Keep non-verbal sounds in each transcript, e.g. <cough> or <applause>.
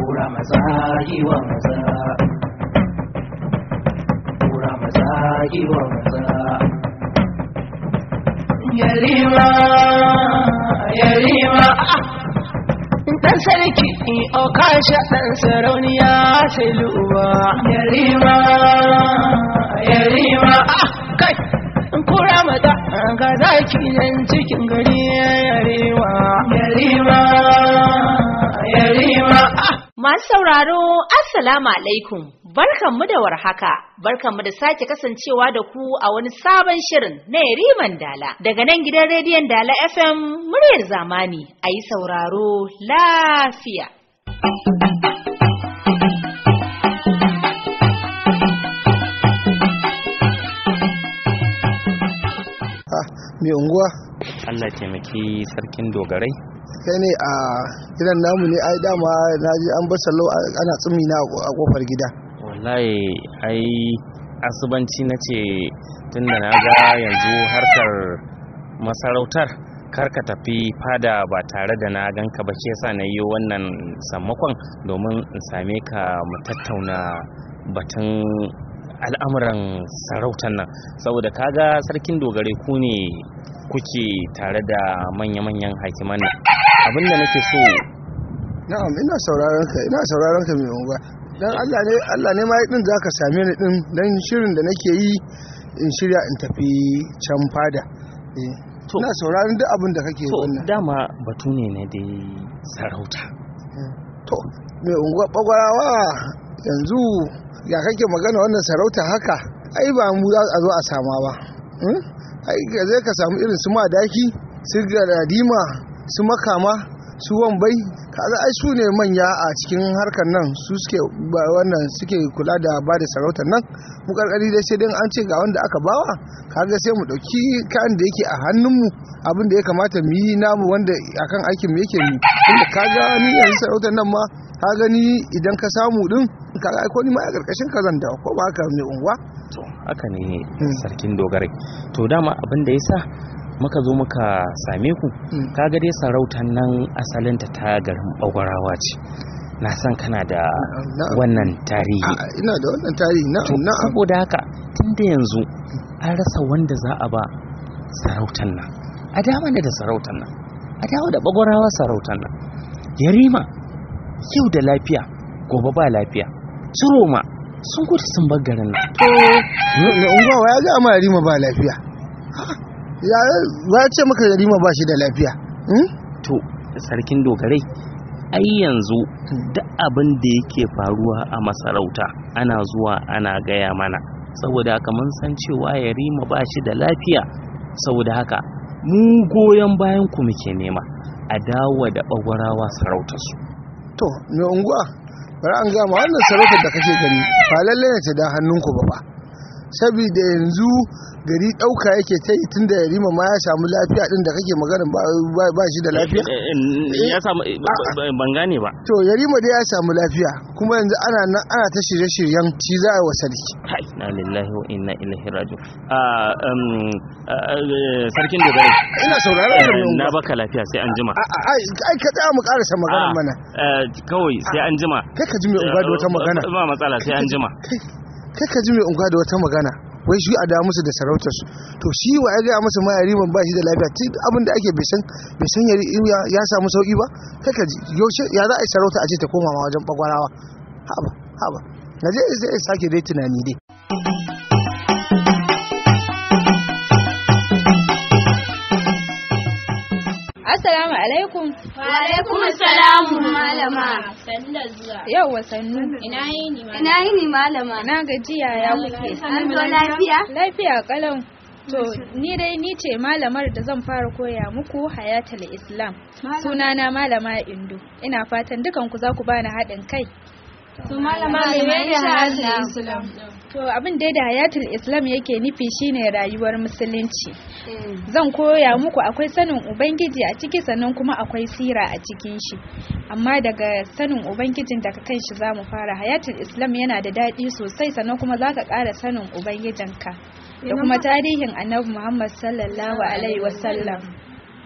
kura maza yi wa maza kura maza yi wa maza yarima yarima dan sarki o oh, kasha dan sarauniya siluwa yarima yarima ah, kai kura maza ga zaki nan cikin gari yarima yarima Masu sauraro, Assalamu alaikum, barkanmu da warhaka, barkanmu da sake kasancewa da ku a wani sabon shirin na Yariman Dala. Daga nan gidan rediyon Dala FM muryar zamani, a yi sauraro lafiya. Ah, mai unguwa? Allah taimaki sarkin dogarai. kai ne a gidan namu ne ai dama na ji an bar salo ana tsumi na a kofar gida wallahi ai asubanci na ce tun na ga yanzu harkar masarautar kar ka tafi fada ba tare da na ganka ba ke sa na yi wannan sammakon domin in same ka mu tattauna batun al'amuran sarautar nan saboda kaga sarkin dogare ku ne kuke tare da manya-manyan hakiman abin da nake so na'am ina sauraron ka ina sauraron ka mai unguwa dan Allah ne Allah ne ma din zaka same ni din dan shirin da nake yi in shirya in tafi can fada eh, ina sauraron duk abin da kake wannan dama batu ne na dai sarauta eh, to mai unguwa bagwarawa yanzu ya kake magana wannan sarauta haka ai ba mu za a zo a sama ba hmm? ai ga zai ka samu irin su madaki su garadima su makama su wambai kaza ai su ne manya a cikin harkar nan su suke wannan suke kula da ba da sarautar nan mu karkari dai sai dai an ce ga wanda aka bawa kaga sai mu dauki kan da yake a hannunmu abin da ya kamata mu yi namu wanda akan aikin mu yake mu tunda kaga ni yanzu sarautar nan ma ka gani idan ka samu din kaga ai ko ni ma a karkashin ka da, dawo ko ba ka ne unguwa haka ne hmm. sarkin dogarai to dama abin da ya sa muka zo muka same ku hmm. kaga dai sarautar nan asalinta ta garin bagwarawa ce na san kana da wannan tarihi ina da wannan tarihi na. saboda haka tunda yanzu an rasa wanda za a ba sarautar nan a dama da sarautar nan a dawo da bagwarawa sarautar nan yarima yau da lafiya gobe ba lafiya ma. sun kuta sun bar garin nan to unguwa ya ga ma rima ba lafiya ya za ce maka rima ba shi da lafiya hmm? to sarkin dogarai ai yanzu hmm. duk abin da yake faruwa a masarauta ana zuwa ana gaya mana saboda haka mun san cewa ya rima ba shi da lafiya saboda haka mu goyon bayan ku muke nema a dawo da bagwarawa sarautarsu to mai unguwa bari an gama wannan sarautar da kake gani ba lallai ne ta da hannunku ba ba saboda yanzu gari ɗauka yake ta yi tun da rima ma ya samu lafiya ɗin da kake maganin ba shi da lafiya eh, eh, eh, ya samu ban gane ba to ya rima dai ya samu lafiya kuma yanzu ana nan ana ta shirye-shiryen ci za a yi wa sarki na lillahi wa inna ilaihi a ah, ah, sarkin da zai. ina da sauraron na baka lafiya sai an jima ai ka tsaya mu karasa magana ah, mana kawai sai an jima kai ka ji mai uba wata magana ba matsala sai an jima kai ka ji mai unguwa da wata magana wai shi a damu musu da sarautar su to shi wa ya gaya masa ma yariman ba shi da lafiya tun abin da ake bai san yari ya samu sauki ba kai ka ji yaushe ya za a yi sarauta a ce ta koma wajen bagwarawa haba haba na je sai sake dai tunani dai Assalamu alaikum. Wa alaikum assalam malama. Sannu da zuwa. Yawwa sannu. Ina yini malama. Ina yini malama. Na gajiya ya kuke. An zo lafiya? Lafiya kalau. To, ni dai ni ce malamar da zan fara koya muku hayatul Islam. Sunana malama Indo. Ina fatan dukanku za ku bani haɗin kai. su malaman shari'atul to abin da hayatul islam yake nufi shine rayuwar musulunci zan koya muku akwai sanin ubangiji a ciki sannan kuma akwai sira a cikin shi amma daga sanin ubangijin daga kan shi za mu fara hayatul islam yana da daɗi sosai sannan kuma za ka ƙara sanin ubangijinka da kuma tarihin annabi muhammad sallallahu alaihi wasallam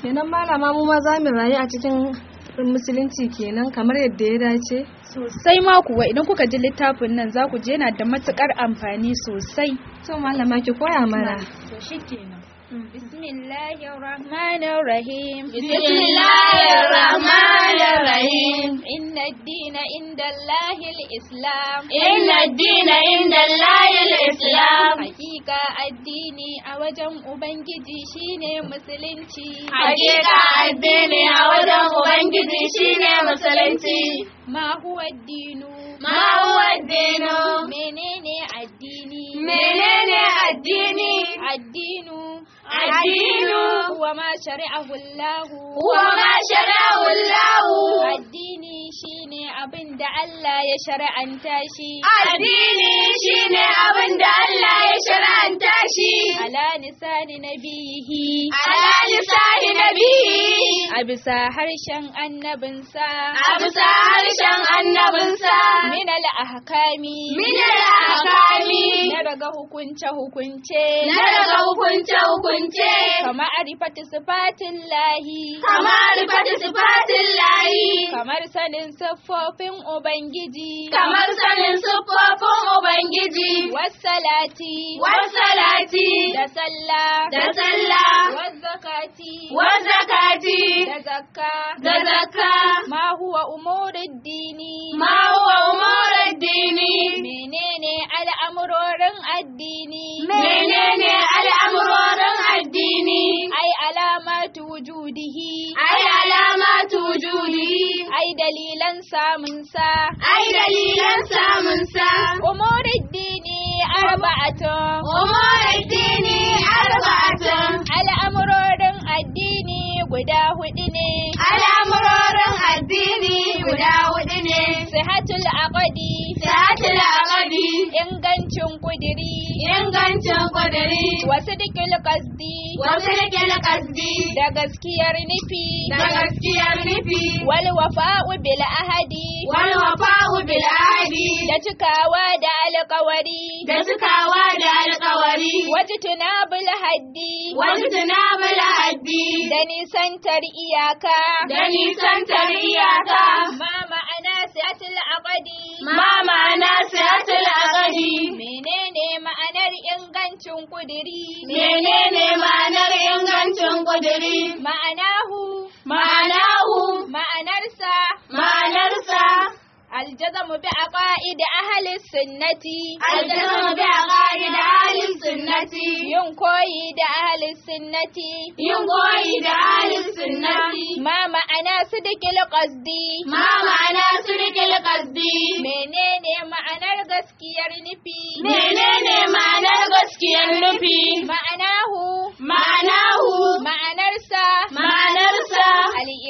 kenan malama mu ma za mu rayu a cikin ɗin musulunci kenan kamar yadda ya dace sosai ma kuwa idan kuka ji littafin nan za ku je yana da matukar amfani sosai to malama ki koya mana to shikenan بسم الله الرحمن الرحيم بسم الله الرحمن الرحيم إن الدين عند الله الإسلام إن الدين عند الله الإسلام حقيقة الدين أوجم أبنجي شيني مسلنتي حقيقة الدين أوجم أبنجي شيني مسلنتي ما هو الدين ما هو الدين منين الدين منين الدين الدين الدين هو ما شرعه الله هو ما شرعه الله addini shine abin da Allah ya shar'anta shi addini shine abin da Allah ya shar'anta shi ala lisani nabiyihi a bisa harshen annabinsa a bisa harshen annabinsa min al ahkami min al ahkami na daga hukunce hukunce na daga hukunce hukunce hukunce kamar ifati sifatin lahi kamar ifati sifatin lahi kamar sanin siffofin ubangiji kamar sanin siffofin ubangiji wassalati wassalati da sallah da sallah wazzakati wazzakati da zakka da zakka ma huwa umuriddini ma huwa umuriddini menene al'amurorin addini menene al'amurorin addini ai alamatu wujudihi ai alamatu wujudihi ai dalilan samun sa ai dalilan samun sa addini dini arba'atun umurid dini arba'atun al'amurorin addini guda hudu ne al'amurorin addini guda hudu ne sihatul aqdi sihatul aqdi kudiri ingancin kudiri wasu dake kasdi wasu dake kasdi da gaskiyar nufi da gaskiyar nufi wal wafa'u bil ahadi wal wafa'u bil ahadi da cikawa da alƙawari da cikawa da alƙawari wajen bil haddi wajen bil haddi da nisantar iyaka da nisantar iyaka mama siyatul aqadi Ma ma'ana siyatul aqadi Menene ma'anar ingancin kudiri? Menene ma'anar ingancin kudiri? Ma'anahu. Ma'anahu. Ma'anarsa. Ma'anarsa. الجزم بعقائد أهل السنة الجزم بعقائد أهل السنة ينقوي أهل السنة ينقوي أهل السنة ما ma'ana sidikil qasdi ma ma'ana sidikil qasdi menene ma'anar gaskiyar nufi menene ma'anar gaskiyar nufi ma'anahu ma'anahu ma'anarsa ma'ana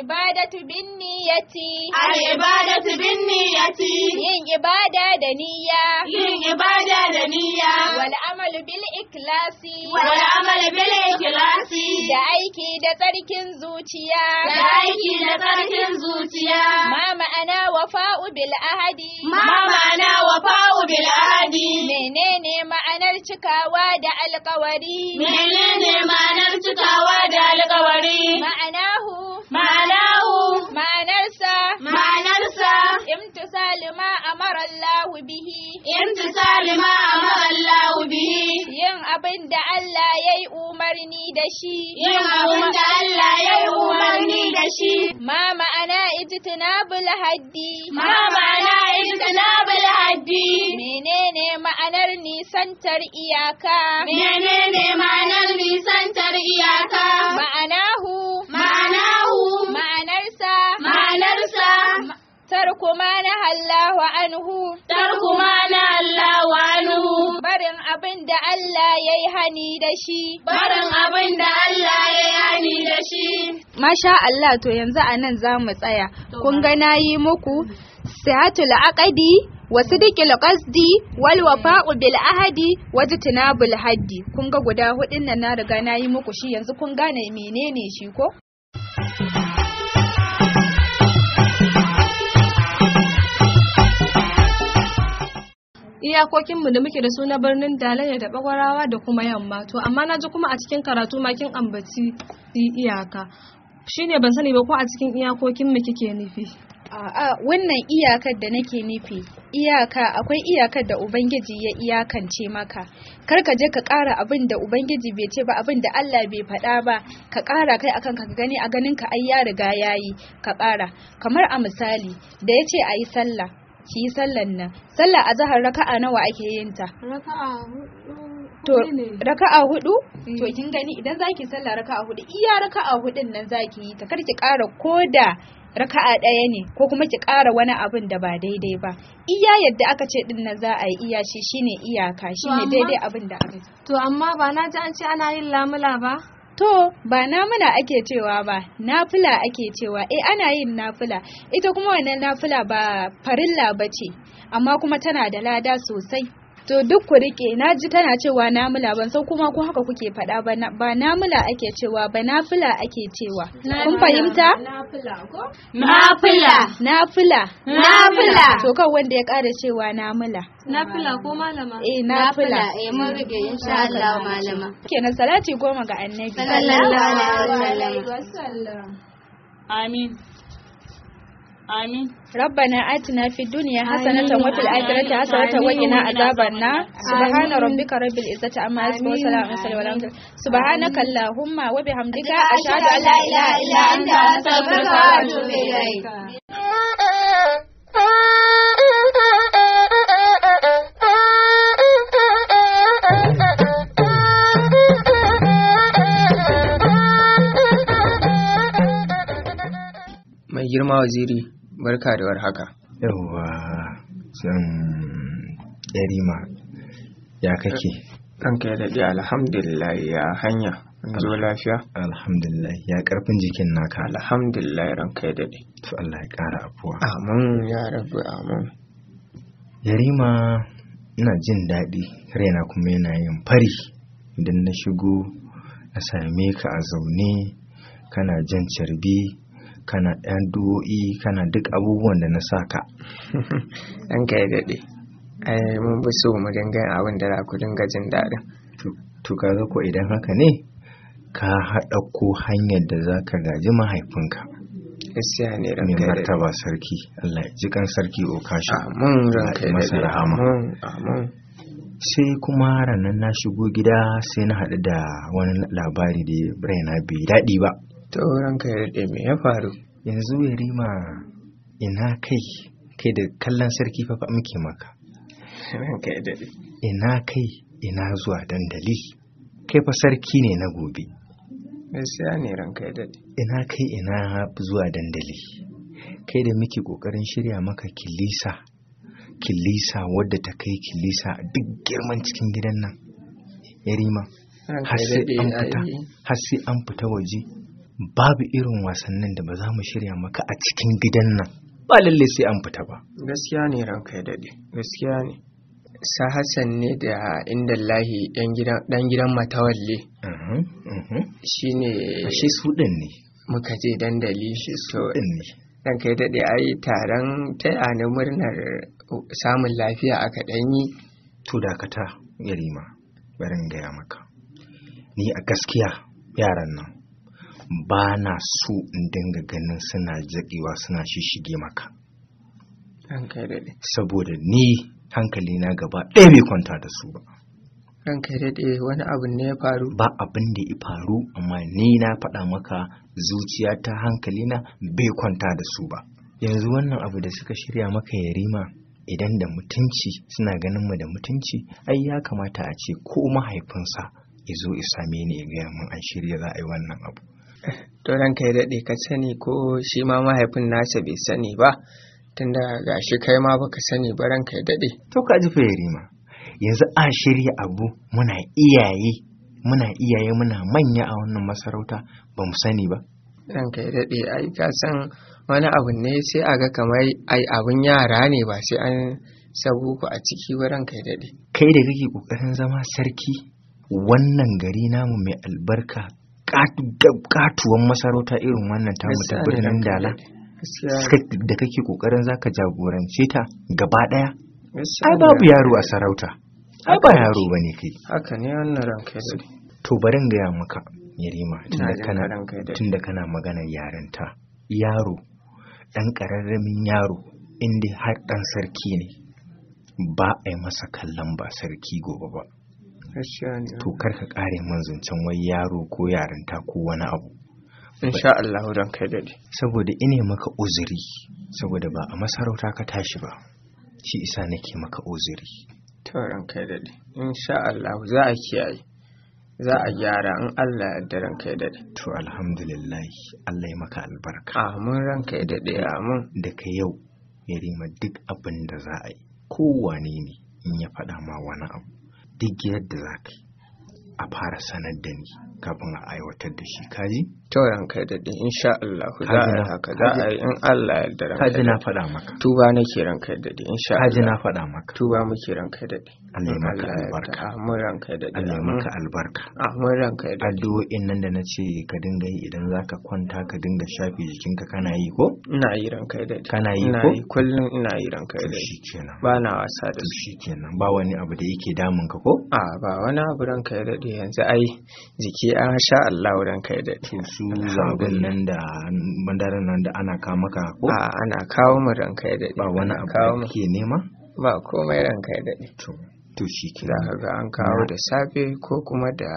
ibadatu bin niyyati al ibadatu bin niyyati yin ibada da niyya yin ibada da niyya wal bil ikhlasi wal amalu bil ikhlasi da aiki da tsarkin zuciya da aiki da tsarkin zuciya ma ma'ana wafa'u bil ahadi ma ma'ana wafa'u bil ahadi menene ma'anar cikawa da alƙawari menene ma'anar cikawa da umarni da shi. Yin abin da Allah ya yi umarni da shi. Ma ma'ana ijtinabul haddi. Ma ma'ana ijtinabul haddi. Menene ma'anar nisantar iyaka? Menene ma'anar nisantar iyaka? Ma'anahu. Ma'anahu. Ma'anarsa. Ma'anarsa. Tarku na Allahu anhu. Tarkuma na. abin da Allah ya yi hani da shi. Barin abin da Allah ya yi hani da shi. Masha Allah to yanzu a nan za mu tsaya. Kun ga na yi muku sihatul aqadi wasu sidiqil qasdi wal wafa'u bil ahadi wajen jitinabul haddi. Kun ga guda hudun nan na riga na yi muku shi yanzu kun gane menene shi ko? iyakokin mu da muke da su na birnin Dalaya da Bagwarawa da kuma yamma to amma na ji kuma a cikin karatu ma kin ambaci iyaka shine ban sani ba ko a cikin iyakokinmu kike nufi A'a wannan iyakar da nake nufi iyaka akwai iyakar da Ubangiji ya iyakance maka kar ka je ka ƙara abin da Ubangiji bai ce ba abin da Allah bai faɗa ba ka ƙara kai akan ka gani a ganin ka ai ya riga yayi ka ƙara kamar a misali da yace ayi sallah ki yi sallan nan sallar azahar raka'a nawa ake yin ta raka'a hudu to eh. kin gani idan zaki sallar raka'a hudu iya raka'a hudun nan zaki yi ta kar ki ƙara da raka'a ɗaya ne ko kuma ki ƙara wani abin da ba daidai ba iya yadda aka ce din nan za a yi iya shi shine iyaka shine daidai abin da aka to amma ba na ji an ce ana yin lamula ba to ba namuna ake cewa ba nafila ake cewa eh ana yin nafila ita kuma wannan nafila ba farilla ce amma kuma tana da lada sosai to duk ku rike na ji tana cewa namula ban san kuma ko haka kuke faɗa ba ba namula ake cewa ba nafila ake cewa kun fahimta nafila nafila nafila to kan wanda ya ƙara cewa namula nafila ko malama eh nafila eh mun rige insha Allah malama kenan salati goma ga annabi sallallahu alaihi wasallam amin آمين ربنا آتنا في الدنيا حسنة وفي الآخرة حسنة وقنا عذاب النار سبحان ربك رب العزة عما يصفون وسلام وسلام سبحانك اللهم وبحمدك أشهد أن لا إله إلا أنت أستغفرك وأتوب mai girma waziri barka da warhaka yawwa san yarima ya kake ranka ya daɗe alhamdulillah ya hanya an zo lafiya alhamdulillah ya karfin jikin naka alhamdulillah ranka ya daɗe to Allah ya ƙara afuwa amin ya rabu amin yarima ina jin daɗi raina kuma yana yin fari idan na shigo na same ka a zaune kana jan carbi kana yan du'o'i kana duk abubuwan da na sa ka. <laughs> an kai daɗe mun fi so mu dinga abin da za ku dinga jin daɗin to ka za ko idan haka ne ka haɗa ko hanyar da za ka gaji mahaifinka gaskiya ne martaba sarki Allah ya ji kan sarki okashi amin ranka da rahama amin sai kuma ranar na shigo gida sai na haɗu da wani labari da raina bai daɗi ba tauran ka ya daɗe me ya faru yanzu ya rima ina kai kai da kallon sarki fa muke maka ranka ya daɗe ina kai ina zuwa dandali kai fa sarki ne na gobe gaskiya ne ranka ya daɗe ina kai ina zuwa dandali kai da muke ƙoƙarin shirya maka kilisa kilisa wadda ta kai kilisa duk girman cikin gidan nan ya rima har sai an fita waje babu irin wasannin da ba za mu shirya maka a cikin gidan nan ba lalle sai an fita ba gaskiya ne ranka ya dade gaskiya ne sa hassan ne da inda lahi dan gidan matawalle mhm, mhm. shi ne shi su din ne muka je dandali shi su din ne dan kai dade ai taron taya na murnar samun lafiya aka yi. to dakata yarima barin gaya maka ni a gaskiya yaran nan ba na so in dinga ganin suna jaƙewa suna shishige maka saboda ni hankali na gaba ɗaya bai kwanta da su ba wani abin ne ya faru ba abin da ya faru amma ni na faɗa maka zuciya ta hankali na bai kwanta da su ba yanzu wannan abu da suka shirya maka yarima idan da mutunci suna ganin mu da mutunci ai ya kamata a ce ko mahaifinsa ya zo ya same ni ya gaya min an shirya za a yi wannan abu to ranka ya daɗe ka sani ko shi ma mahaifin nasa bai sani ba tunda ga shi kai ma baka sani ba ranka ya daɗe to ka ji fayari ma yanzu an shirya abu muna iyaye muna iyaye muna manya a wannan masarauta ba mu sani ba ranka ya daɗe ai ka san wani abu ne sai a ga kamar ai abun yara ne ba sai an sabu ku a ciki ba ranka ya daɗe kai da kake kokarin zama sarki wannan gari namu mai albarka katuwan masarauta irin wannan tamu ta birnin dala da kake kokarin zaka jagorance ta gaba daya ai babu yaro a sarauta ai ba yaro bane kai haka ne wannan ranka da to barin gaya maka yarima tunda kana magana yarinta yaro dan kararramin yaro inda har dan sarki ne ba a yi masa kallon ba sarki gobe ba to kar ka kare man zancen wai yaro ko yarinta ko wani abu insha Allah don kai dade saboda ine maka uzuri saboda ba a masarauta ka tashi ba shi isa nake maka uzuri to ran kai dade insha Allah za a kiyaye za a gyara in Allah ya ran kai dade to alhamdulillah Allah ya maka albarka amin ran kai dade amin daga yau yarima duk abin da za a yi kowane ne in ya faɗa ma wani abu duk yadda za ka yi a fara sanar da ni kafin a aiwatar da shi kaji kai ranka daɗe insha Allah za a yi haka za a yi in Allah ya dara haji na faɗa maka tuba nake ranka daɗe insha Allah Haji na faɗa maka tuba muke ranka daɗe Allah maka albarka mun ranka daɗe Allah maka albarka mun ranka daɗe addu'o'in nan da nace ka dinga yi idan zaka kwanta ka dinga shafe jikinka kana yi ko ina yi ranka daɗe kana yi ko kullum ina yi ranka daɗe shikenan ba na wasa da su shikenan ba wani abu da yake damun ka ko a ba wani abu ranka daɗe yanzu ai jiki an sha Allah ranka daɗe su zaben nan da bandaran nan da ana kawo maka ko a ana kawo mu ranka da ba wani abu da ke nema ba komai ranka da dade to to shi ke za ga an kawo da safe ko kuma da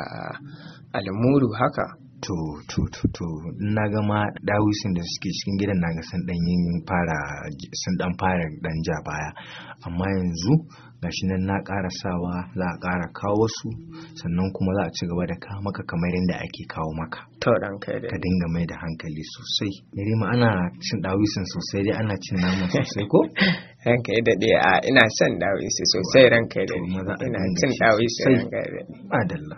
almuru haka to to to to na ga ma dawisin da suke cikin gidan na ga sun dan yin fara sun dan fara dan ja baya amma yanzu gashi nan na ƙara sawa za a ƙara kawo su sannan kuma za a ci gaba da kawo maka kamar yadda ake kawo maka to dan kai ka dinga mai da hankali sosai dare ma ana cin dawisin sosai dai ana cin nama sosai ko ranka ya daɗe a ina son dawisi sosai ranka ya daɗe ina cin dawisi ranka kai daɗe madalla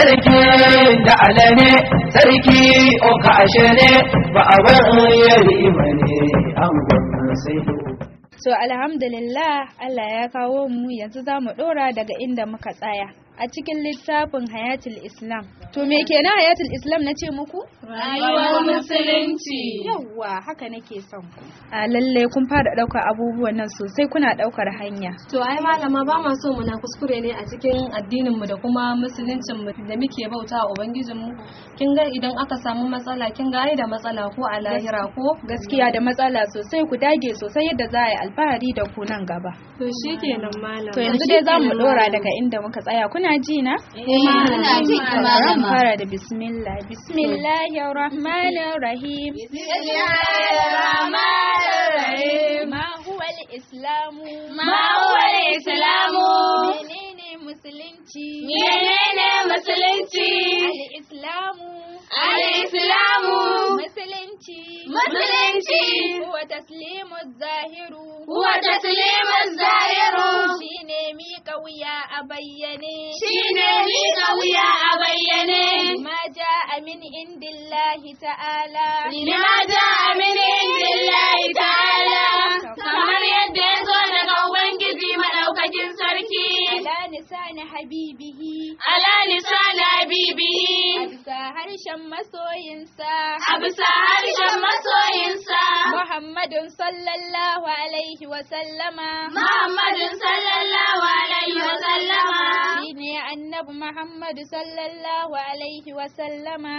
Sarki da alane sarki o ka ashe ne ba a wani yari ba ne an gwamnan sai To alhamdulillah Allah ya kawo mu yanzu za mu ɗora daga inda muka tsaya. a cikin littafin Hayatul Islam. To me kenan Hayatul Islam na ce muku? Rayuwar Musulunci. Yawwa haka nake son ku. A lalle kun fara ɗaukar abubuwan nan sosai kuna ɗaukar hanya. To ai malama ba ma so muna kuskure ne a cikin addinin mu da kuma musuluncin mu da muke bauta wa ubangijin mu. Kin ga idan aka samu matsala kin ga ai da matsala ko a lahira ko gaskiya da matsala sosai ku dage sosai yadda za a yi alfahari da ku nan gaba. To shikenan malama. To yanzu dai za mu dora daga inda muka tsaya kuna kuna ji na? Ran eh, eh, fara da bismillah. Bismillahir rahmanir rahim. Bismillahir rahmanir rahim. Ma huwa al-islamu? Ma huwa al-islamu? musulunci menene musulunci al-islamu al-islamu musulunci musulunci huwa taslimu zahiru huwa taslimu zahiru shine mi kauya a bayyane shine mi kauya a bayyane ma ja'a min indillahi ta'ala lima ja'a min indillahi ta'ala kamar yadda ya zo daga ubangiji madaukakin sarki lisani habibihi ala a harshen masoyinsa a harshen masoyinsa muhammadun sallallahu alaihi wa sallama sallallahu alaihi wa sallama muhammadu sallallahu alaihi wa sallama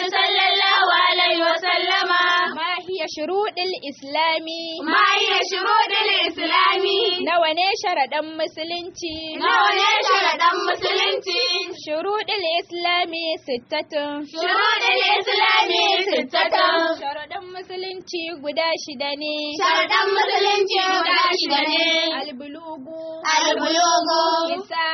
muhammadu sallallahu alaihi wa ما هي islami. الإسلام ما هي شروط الإسلام sharaɗan musulunci. دم مسلنتي sharaɗan musulunci. مسلنتي شروط الإسلام ستة شروط الإسلام musulunci guda shida ne. Sharaɗan musulunci guda shida ne. Albulugu. Albulugu. Isa.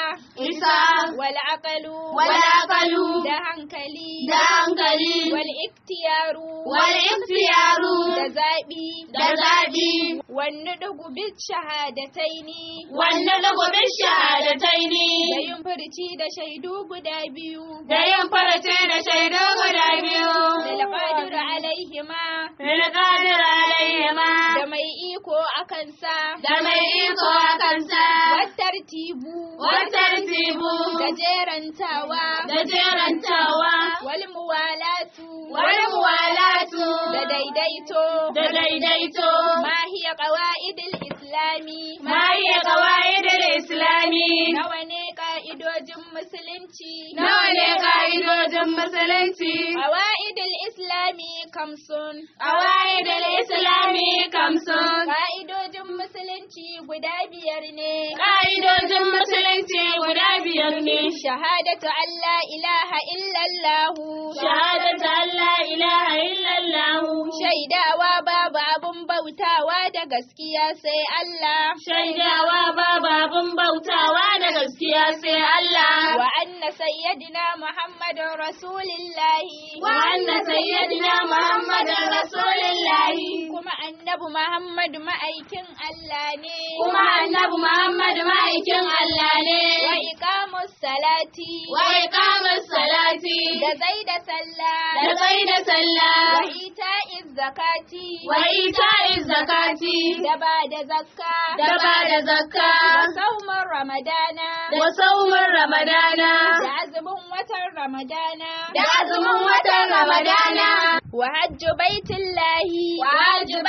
Isa. Wala akalu. Wala akalu. Da hankali. Da hankali wal iktiyaru wal iktiyaru da zabi da zabi wanne dugu bil shahadataini wanne dugu bil shahadataini da yin furci da shaidu guda biyu da yin furci da shaidu guda biyu lil qadir alaihima lil qadir ma. da mai iko akan sa da mai iko akan sa wattar tibu wattar tibu da jerantawa da jerantawa wal muwala والموالاة دديديتو دديديتو ما هي قواعد الإسلام ما هي قواعد الإسلام نوى ne ka'idojin musulunci nawa ne ka'idojin musulunci qawaidul islami kamsun qawaidul islami kamsun ka'idojin musulunci guda biyar ne ka'idojin musulunci guda biyar ne shahadatu Allah, ilaha illallahu. shahadatu Allah, ilaha illallahu. shaidawa babu abun bautawa da gaskiya sai Allah shaidawa babu abun bautawa da gaskiya sai Allah wa anna sayyidina muhammad محمد رسول الله وأن سيدنا محمد رسول الله كما النبي محمد ما أيكن الله ني كما النبي محمد ما أيكن الله ني وإقام الصلاة وإقام الصلاة دزيد صلى دزيد صلاة وإيتاء الزكاة وإيتاء الزكاة دبا دزكاة دبا دزكاة وصوم رمضان وصوم رمضان da azumin watan ramadana da azumin watan ramadana wa hajju baitullahi wa hajju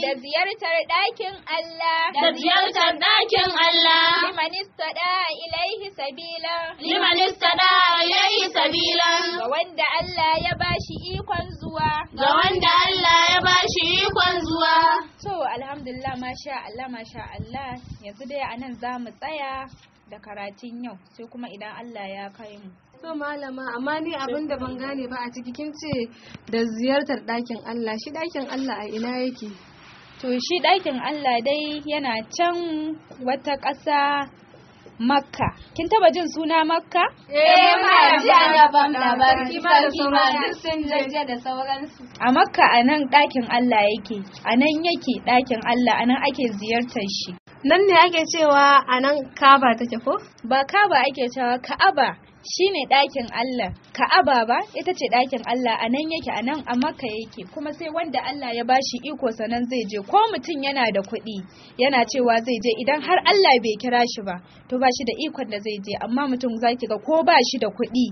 da ziyartar ɗakin Allah da ziyartar ɗakin Allah liman istada ilaihi sabila liman istada ilaihi sabila ga wanda Allah ya bashi ikon zuwa ga wanda Allah ya bashi ikon zuwa So alhamdulillah masha Allah masha Allah yanzu dai anan zamu tsaya da karatun yau sai kuma idan Allah ya kai mu so malama amma ni abin da ban gane ba a ciki kin ce da ziyartar ɗakin Allah shi ɗakin Allah a ina yake to shi ɗakin Allah dai yana can wata ƙasa Makka. Kin taba jin suna Makka? Eh, eh muna ji ana ban labari ba su ma sun jaje da sauransu. A Makka a nan ɗakin Allah yake, a nan yake ɗakin Allah, a nan ake ziyartar shi. nan ne ake cewa a nan kaba take ko ba kaba ake cewa ka'aba shine ɗakin Allah ka'aba ba ita ce ɗakin Allah a nan yake a nan a maka yake kuma sai wanda Allah ya bashi iko sanan zai je ko mutum yana da kuɗi yana cewa zai je idan har Allah bai kira shi ba to ba shi da ikon da zai je amma mutum zaki ga ko ba shi da kuɗi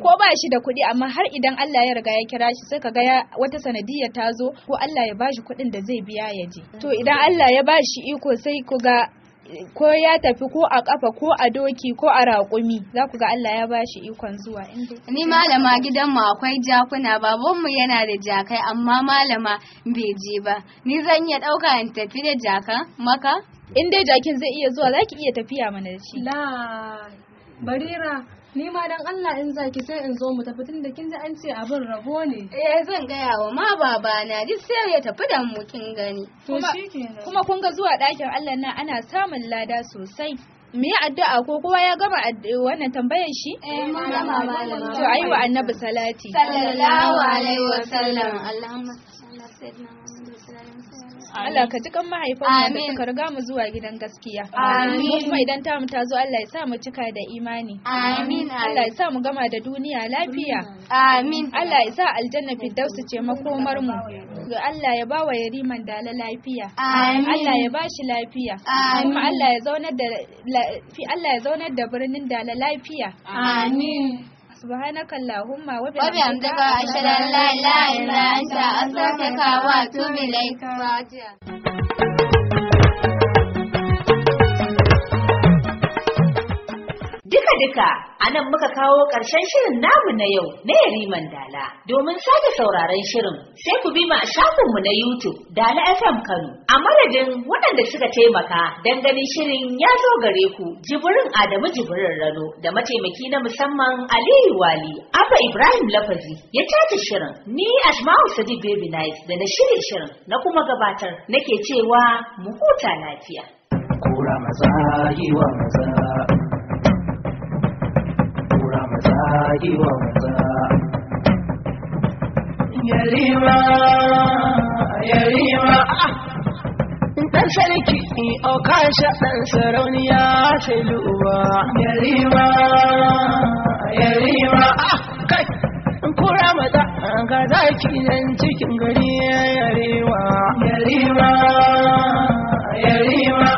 ko ba shi da kuɗi amma har idan Allah ya riga ya kira shi sai kaga ya wata sanadiyya ta zo ko Allah ya bashi kuɗin da zai biya ya je to idan Allah ya bashi iko sai ku ga ko ya tafi ko a kafa ko a doki ko a raƙumi za ku ga Allah ya bashi ikon zuwa ni malama gidanmu akwai jakuna babanmu yana da jakai amma malama bai je ba ni zan iya ɗauka in tafi da jaka maka in dai jakin zai iya zuwa za ki iya tafiya mana da shi la barira ni ma dan Allah in zaki sai in zo mu tafi tunda kin ji an ce abin rabo ne eh zan gaya wa ma baba na duk sai ya tafi da mu kin gani to shikenan kuma kun ga zuwa ɗakin Allah na ana samun lada sosai me ya addu'a ko kowa ya gama wannan tambayar shi eh malama malama to ayi annabi salati sallallahu alaihi wasallam allahumma salli ala sayyidina Allah ka kan mahaifanmu da suka riga mu zuwa gidan gaskiya. Amin. Kuma idan ta mu ta zo Allah ya sa mu cika da imani. Amin. Allah ya sa mu gama da duniya lafiya. Amin. Allah ya sa aljanna firdausu ce makomar mu. Allah ya ba wa yariman dala lafiya. Amin. Allah ya ba shi lafiya. Amin. Kuma Allah ya zaunar da Allah ya zaunar da birnin dala lafiya. Amin. subhanaka allahumma wa bihamdika ashhadu an la ilaha illa anta astaghfiruka wa atubu duka a nan muka kawo ƙarshen shirin namu na yau na Yariman Dala. Domin sake sauraron shirin sai ku bi mu a shafinmu na YouTube Dala FM Kano. A madadin waɗanda suka taimaka don ganin shirin ya zo gare ku jibirin Adamu jibirin Rano da mataimaki na musamman Aliyu Wali. Abba Ibrahim Lafazi ya caji shirin ni Asma'u Sadiq Baby night da na shirin shirin na kuma gabatar nake cewa mu huta lafiya. Kura maza yi wa maza الله وفاء يا ريما يا dan sarki o kasha ɗan sarauniya sai luwa Yarima, yarima, ya ah, kai kura mata ga zaki nan cikin gari ya yarima. Yarima, rima